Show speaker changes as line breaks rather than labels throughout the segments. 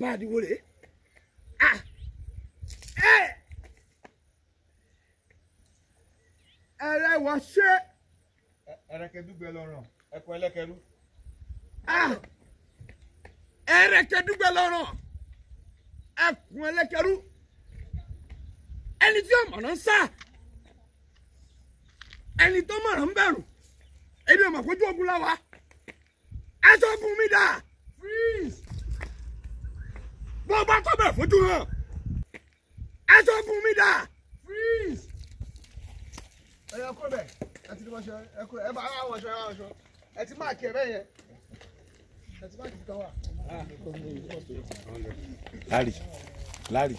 bàbá àdìwò rèé ah ẹ eh. ẹrẹwọ ṣe. ẹrẹkẹdúgbẹ lọrùn ẹkọ ẹlẹkẹrú. ah ẹrẹkẹdúgbẹ lọrùn ẹkùn ẹlẹkẹrú ẹni tí ó mọ̀nà ń sá ẹni tó mọ̀nà ń bẹ̀rù èmi ò mọ̀ kójú ogun láwa aṣọ ogun mi dáa bó bá tó bẹ̀ fojú hàn aṣọ bùn mi dà. freeze ẹ yẹ kó bẹ̀ ẹ ti ní wọ́n ṣe ẹ kó ẹ bá ara wọn ṣe ara wọn ṣe ẹ ti máa kí ẹ bẹ́ẹ̀ yẹn ẹ ti máa kí kan wà. Larry Larry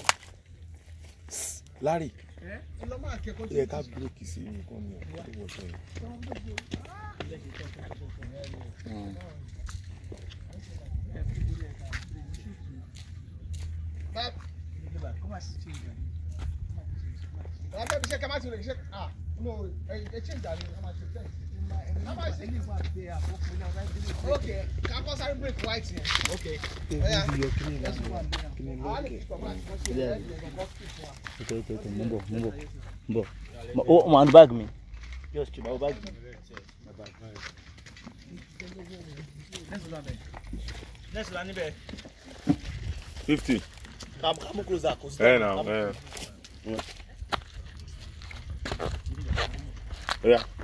Larry yẹ ká bírókì sí nǹkan mi ò wọ́n sọ yìí. má sì ṣe ìgbà yìí alábẹ́ bí ṣe ká má ti rè ṣe ah no ẹ ṣe ìgbà yìí ká Okay. Okay. Okay. Okay. má sì ní ìwà pé àkókò ní ọ̀rẹ́ ìdílé ìgbà ok ká kọ́ sáré break white yẹn ok ẹ̀yà ẹ̀sùn wà ní ọ̀rẹ́ àwọn àlejò kọ̀ọ̀kan àti kọ́sí ẹ̀rẹ́ ìgbà kọ́sí mú bọ̀ mú bọ̀ mú bọ̀ ó mà ń báàgì mi just to báwo báàgì mi. Let's run it. Let's run it. Fifty. Calma, calma, cruzar, cruzar. É, não, calma. é. Olha.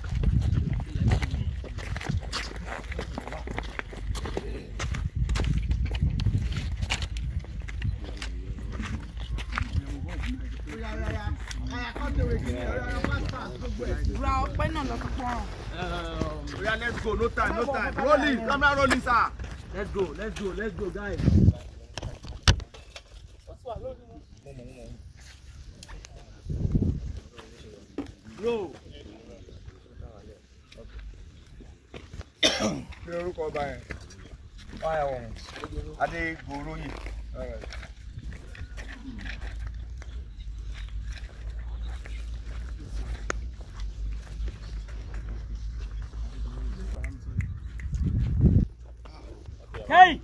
Let's go, no time, no time. Rolling, on, rolling, sir. Let's go, let's go, let's go, guys. row. kí orúkọ ọba yẹn. fire one adé gòróyè. Hey!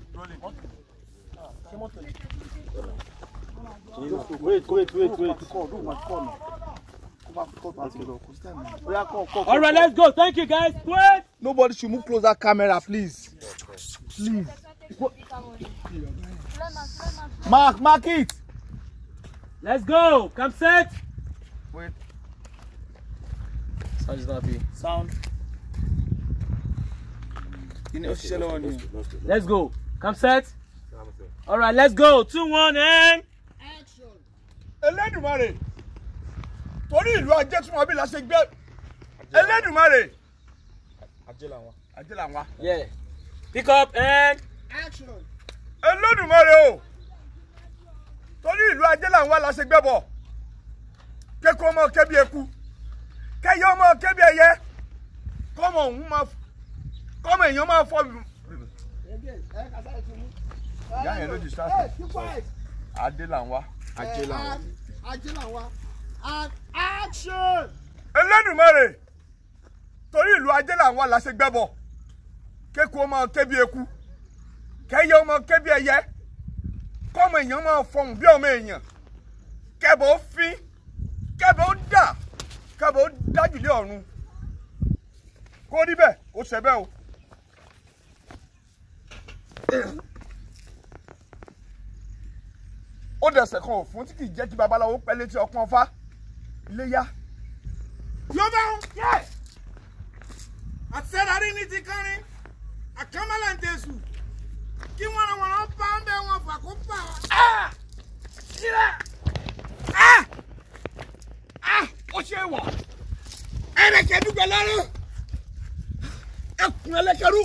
Wait, wait, wait, wait. All right, let's go. Thank you, guys. Wait. Nobody should move close that camera, please. Please. Mark, mark it. Let's go. Come set. Wait. Sound is not be. Sound. Let's go. Come set. All right, let's go. Two, one, and action. torí ìlú ajé tí wọn bí la ṣe gbé Elédùmarè. ajé làwọn. yeah pick up and. action. Elédùmarè o torí ìlú ajé làwọn la ṣe gbé bọ̀ kéku ọmọ kẹbi eku kẹyẹ ọmọ kẹbi ẹyẹ kọmọ òun máa kọmọ èèyàn máa fọ. ìyá yẹn ló di sáfù adé làwọn. ajé làwọn. ajé làwọn and action. Elédùmarè torí ìlú ajé làwọn aláṣẹ gbẹ́bọ̀ kéku ọmọ kébi eku kẹyẹ ọmọ kébi ẹyẹ kọ́mọ èèyàn máa fọhùn bí ọmọ èèyàn kẹbọ̀ ó fín kẹbọ̀ ó dà kẹbọ̀ ó dájúlé ọ̀run kó rí bẹ́ẹ̀ ó ṣe bẹ́ẹ̀ o. ó dẹ̀sẹ̀ kan òfun tí kì í jẹ́ kí babaláwo pẹ́ létí ọpọ́n fá iléyá. yorùbá ń yẹ àtẹ̀dárí ní ti kánrin àkàmọ́lẹ̀ǹdẹ̀sù kí wọ́n rán wọn bá ń bẹ́ wọn fà ah fà wá. sílẹ̀ ó ṣe wọ̀ ẹ̀rẹ̀kẹ́ dúpẹ́ lọ́rùn ẹkùn ẹlẹ́kẹ̀rú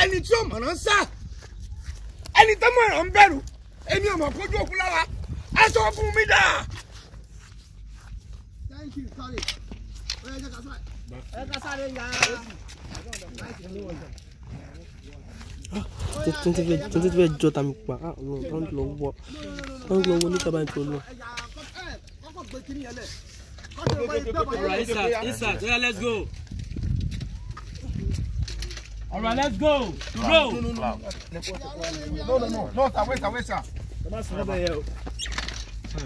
ẹni tí ó mọ̀ràn sá ẹni tó mọ̀ràn ń bẹ̀rù èmi ò mọ̀ kójú òkú lára aṣọ fún mi dáa. 去抓你。哎，这干啥？哎，干啥的呀？tẹ́ntẹ́ fẹ́ tẹ́ntẹ́ fẹ́ jọ tàmí pa á ọ̀run lọ wọ ọ̀run lọ wọ ní kaba ètò lọ. let's go. All let's go. To roll. No, no, no. No,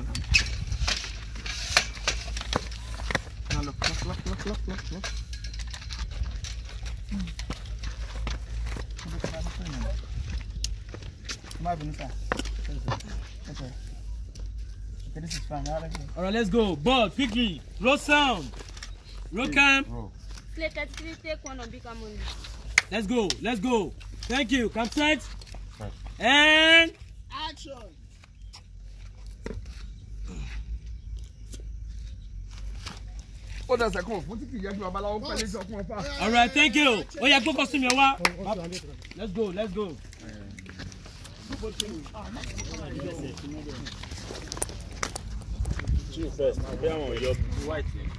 no, look, look, look, look, look, look, look. Come Okay. Okay, this is fine. All right, let's go. Ball, pick me. Roll sound. Roll cam. Let's go. Let's go. Thank you. Come set. And action. ó dẹsẹ̀ kan fún títí ìyá kí babaláwo pẹ́ lé sọkún ọfà. all right thank you ó yẹ gbọ́kọ̀ sí mi wá. let's go let's go. chill first bí àwọn ọ̀yọ́ white yẹn.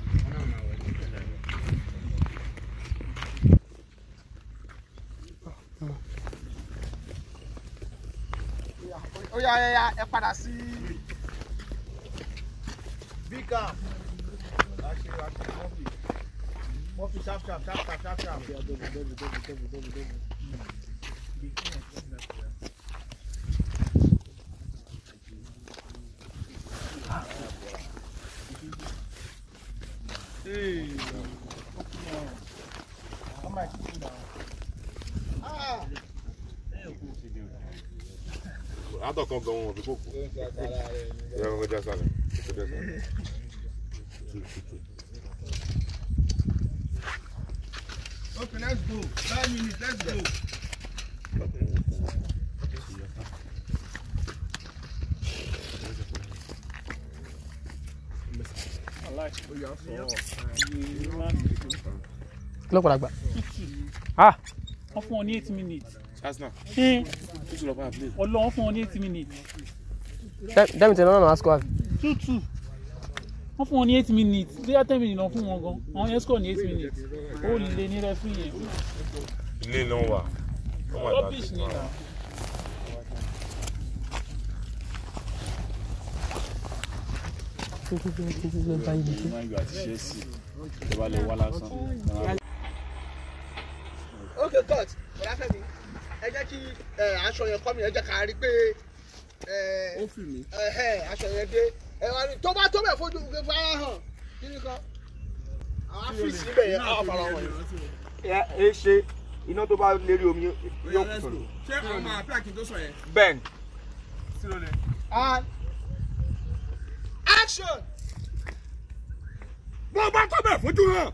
ó yá ẹ padà sí. big camp. Move it sharp, sharp, sharp, sharp, sharp, sharp. Yeah, double, double, double, double, double, double. Hey, how much is it Ah! Ada kan gan wọn fi kókò. Ẹ kọ́kọ́ já sálẹ̀. go. Five minutes, let's go. lọ́pọ̀ làgbà. ah wọ́n fún ọ ní eight minutes. asna ṣé ọlọ́wọ́n fún ọ ní eight minutes. dẹ́mi tẹ̀lé ọ̀nà àsìkò àbí. two two wọ́n fún wọn ní eight minutes clear ten minutes lọ fún wọn gan àwọn yẹn score ní eight minutes ó lè ní referee yẹn. ilé ló ń wà ó wà láti ní ìlà. Okay, coach. Bọ̀dá Fẹ́mi, ẹ jẹ́ kí aṣọ yẹn kọ́ mi, ẹ jẹ́ ká rí pé aṣọ yẹn dé ẹ̀wà ni tó bá tó bẹ̀ fojú fara hàn kíni kan àwọn afíìsì bẹ̀ yẹn àwọn fara hàn yẹn. ẹ ṣe iná tó bá lérí omi yóò kù sọ̀rọ̀. ṣé àwọn máa pẹ́ àkíntó sọ yẹn. bẹ́ẹ̀ni. and action. bó bá tó bẹ̀ fojú hàn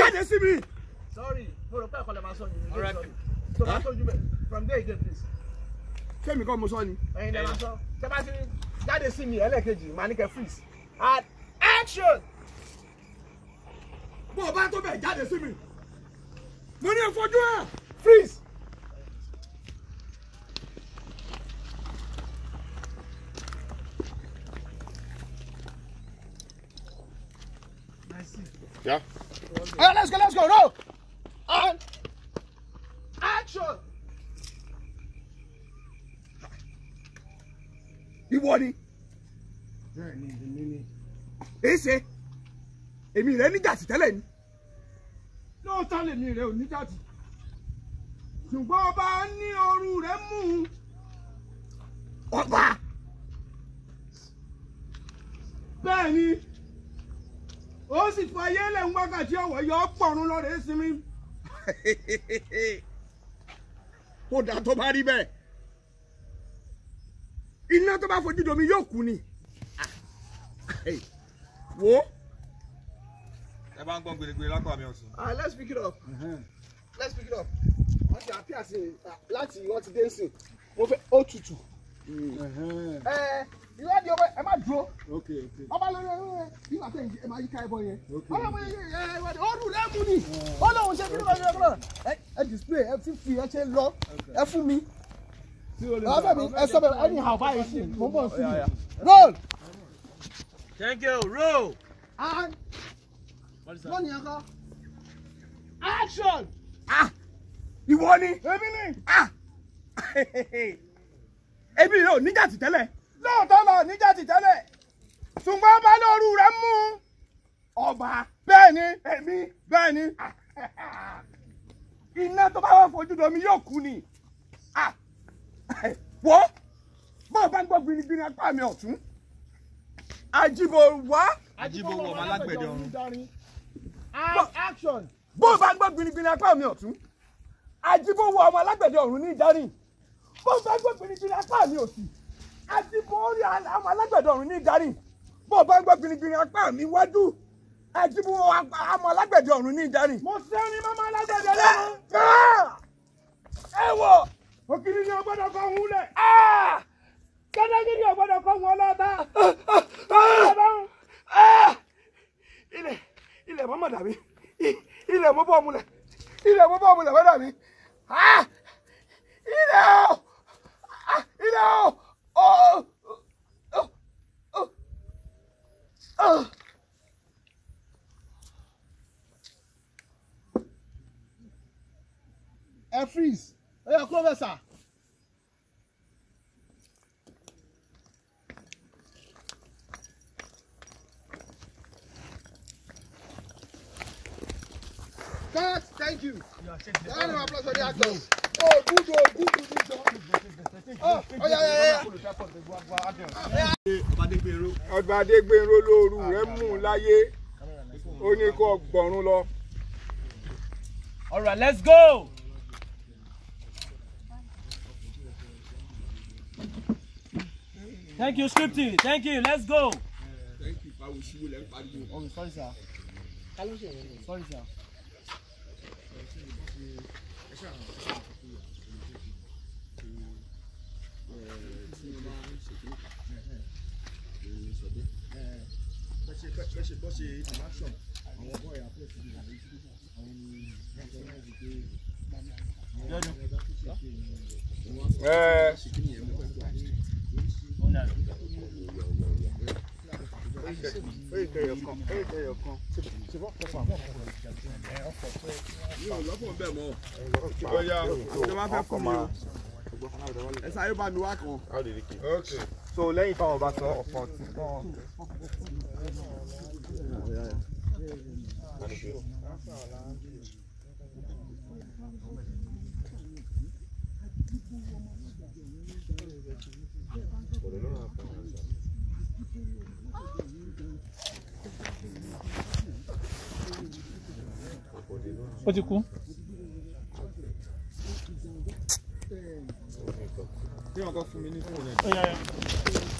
jáde sí mi. sorry mo rò pé ẹ̀kọ́ lè máa sọ yìí nígbà tó bá tó jù bẹ̀ from there again please. kémi kọ́ mo sọ ni. ẹ̀yin lè máa sọ tẹ́ ti rí jáde sí mi ẹlẹ́ẹ̀kejì màá ní kẹ́ freeze and action. bó o bá tó bẹ̀ jáde sí mi mo ní ìfojú ẹ̀ freeze. Yeah. right, let's go, let's go, roll. And action. Ìwọ ni ṣe èmi rẹ níjàtì tẹ́lẹ̀ ni. lóòótọ́ lèmi rẹ ò níjàtì ṣùgbọ́n ọba ní ooru rẹ mú un. ọba. bẹ́ẹ̀ ni ó sì fọ ayé lẹ́hìn wákàtí ọ̀wọ́ yọ ọ́ pọ̀run lọ́rẹ̀ẹ́ sinmi. kó dà tó bá rí bẹ́ẹ̀ iná tó bá fojú domi yóò kú ni. Ah! wo. ẹ bá ń gbọ́n gbèrègbèrè lápá mi ọ̀sùn. ah let's pick it up let's pick it up wọ́n ti àpí àti láti wọ́n ti dé ń sìn mo fẹ́ ó tutù. ẹ ìwé di ọwọ́ ẹ má dúró ọba lórí ẹ yíwà tẹ̀ ẹ má yí ká ẹbọ yẹn ọba mi ẹ ẹ wọ́n ó dùn lẹ́kùn ni ó lóun ṣe kí ló bá yẹ kúrò ẹ display ẹ ti fi ẹ ṣe lọ ẹ fún mi ọbẹ̀ mi ẹ sọ bẹ̀ anyhow báyìí sí mo ń bọ̀ sí i roll. Thank you. Roll. And. Ah. What is that? Money, Action. Ah. You want it? Everything. Ah. Ebi yo, níjà ti tẹ́lẹ̀. Lóòótọ́ lọ, níjà ti tẹ́lẹ̀. Ṣùgbọ́n bá lóru rẹ̀ mú. Ọba. Bẹ́ẹ̀ni. Èmi. Bẹ́ẹ̀ni. Iná tó bá wà fojú domi yóò kú ni. Ah. Wọ́n. Bọ́ọ̀ bá ń gbọ́ gbinigbini apá mi ọ̀tún àjìbò wá. àjìbò wọ̀ ọ̀run. action. bó o bá gbọ́ gbinigbini apá mi ọ̀tún àjìbò wọ̀ ọmọ alágbẹ̀dẹ ọ̀run ní ìdarí bó o bá gbọ́ gbinigbini apá mi òsì àjìbò orí ọmọ alágbẹ̀dẹ ọ̀run ní ìdarí bó o bá gbọ́ gbinigbini apá mi wájú àjìbò ọmọ alágbẹ̀dẹ ọ̀run ní ìdarí. mo ṣe ni mama alágbẹ̀dẹ lẹ́nu. ẹ wọ òkìlì ni ọgbọ́dọ̀ kan hùlẹ̀ kánágídí ọ̀gbọ́dọ̀ kọ́ wọn lọ́ta. Ah, ah, ah, ilẹ̀ ilẹ̀ mọ́ mọ̀ dàbí ilẹ̀ mọ́ bọ́ mulẹ̀ ilẹ̀ mọ́ bọ́ mulẹ̀ mọ́ dàbí ilẹ̀ o ilẹ̀ o. Ugh. ẹ freeze ẹ yẹ kúrò bẹ sà. Thank you. applause for the actors. Oh, good, oh, good, good, good. Oh, oh, yeah, yeah, yeah. Ọba Adégbénró lóoru rẹ̀ mú láyé. Ó ní kó gbọ̀run lọ. All right, let's go. Thank you, Scripty. Thank you. Let's go. Thank you, Pawo Siwo. Oh, sorry, sir. Sorry, sir bẹ́sẹ̀ bọ́ ṣe ìtàmáṣọ̀n àwọn ọgbọ́n ìyá pẹ̀lú ìlú àwọn ìlú àwọn ìlú àwọn ìlú ẹ sáré bá mi wá kan. so lẹ́yìn táwọn bá sọ ọ̀pọ̀ tí wọ́n. Por el lado de la ó ti kú. bí wọn kọ fún mi ní fóònù ẹ.